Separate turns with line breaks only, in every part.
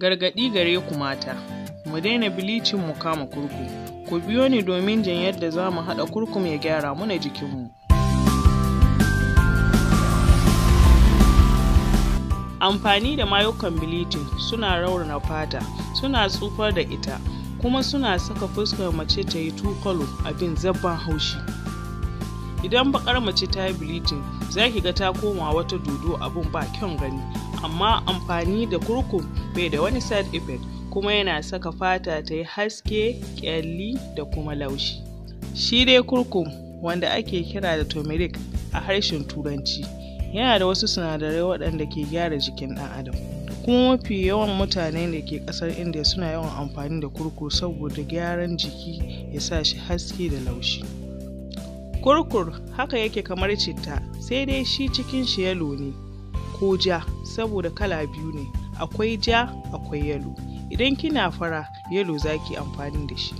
Gargaɗi gare ku mata, mu daina bilicin mu kama kurkum, ku biyo ni domin jin yadda za mu haɗa kurkum ya gyara muna jikinmu. Amfani da mayukan bilicin suna raunana fata, suna tsufar da ita, kuma suna saka fuskar mace ta yi tukalo abin zabban haushi. idan bakar mace ta yi bilicin za ki ga ta koma wata dodo abin ba kyan gani amma amfani da kurkum bai da wani side effect kuma yana saka fata ta yi haske kyalli da kuma laushi shi dai kurkum wanda ake kira da turmeric a harshen turanci yana da wasu sinadarai waɗanda ke gyara jikin ɗan adam kuma mafi yawan mutane da ke ƙasar india suna yawan amfani da kurkur saboda gyaran jiki ya sa shi haske da laushi kurkur haka yake kamar citta sai dai shi cikin shi yalo ne ko ja saboda kala biyu ne akwai ja akwai yalo idan kina fara yalo za amfani da shi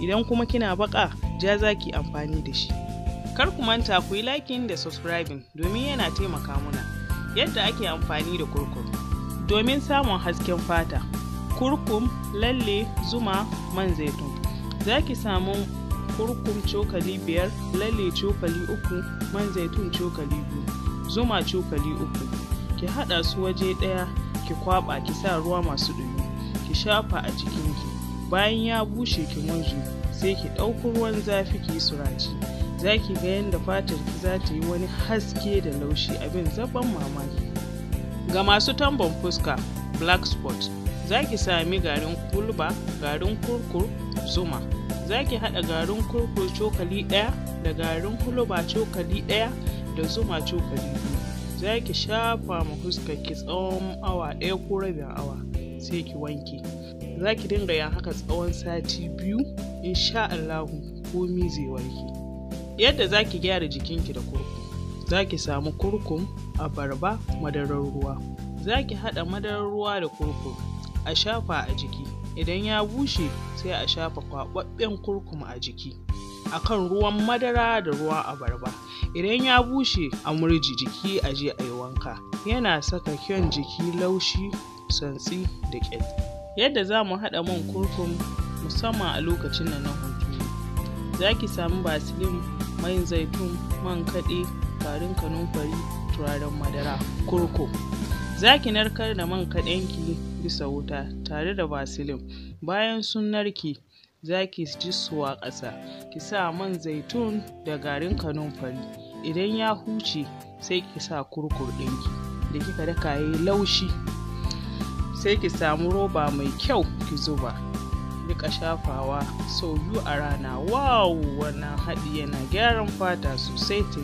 idan kuma kina baka ja zaki ki amfani da shi kar ku manta ku yi liking da subscribing domin yana taimaka muna yadda ake amfani da kurkum domin samun hasken fata kurkum lalle zuma man zaitun zaki samu kurkum cokali biyar lalle cokali uku man zaitun cokali biyu zuma cokali uku ki haɗa su waje ɗaya ki kwaba ki sa ruwa masu ɗumi ki shafa a cikinki bayan ya bushe ki wanzu sai ki ɗauko ruwan zafi ki yi surace za ki ga yadda fatar ki za ta yi wani haske da laushi abin zaban mamaki ga masu tambon fuska black spot za ki sami garin kulba garin kurkur zuma za ki haɗa garin kurkur cokali ɗaya da garin kuluba cokali ɗaya da zuma cokali biyu za ki shafa ma fuska ki tsawon awa ɗaya ko rabin awa sai ki wanke za ki dinga yin haka tsawon sati biyu in sha Allahu komi zai warke yadda za ki gyara jikinki da kurkum za ki samu kurkum abarba madarar ruwa za ki haɗa madarar ruwa da kurkum a shafa a jiki idan ya bushe sai a shafa kwaɓaɓɓen kurkum a jiki akan ruwan madara da ruwan abarba Idan ya bushe a murji jiki a je a yi wanka. Yana saka kyan jiki laushi, santsi da ƙyalli. Yadda za mu haɗa man kurkum musamman a lokacin nan na hunturu. Za ki samu basilin, mayin zaitun, man kaɗe, garin kanunfari, turaren madara, kurkum. Za ki narkar da man ki bisa wuta tare da basilin. Bayan sun narke, za ki ji su a ƙasa, ki sa man zaitun da garin kanunfari. idan ya huce sai ki sa kurkur ɗinki da kika daka yi laushi sai ki samu roba mai kyau ki zuba rika shafawa sau biyu a rana wow wannan haɗi yana gyaran fata sosai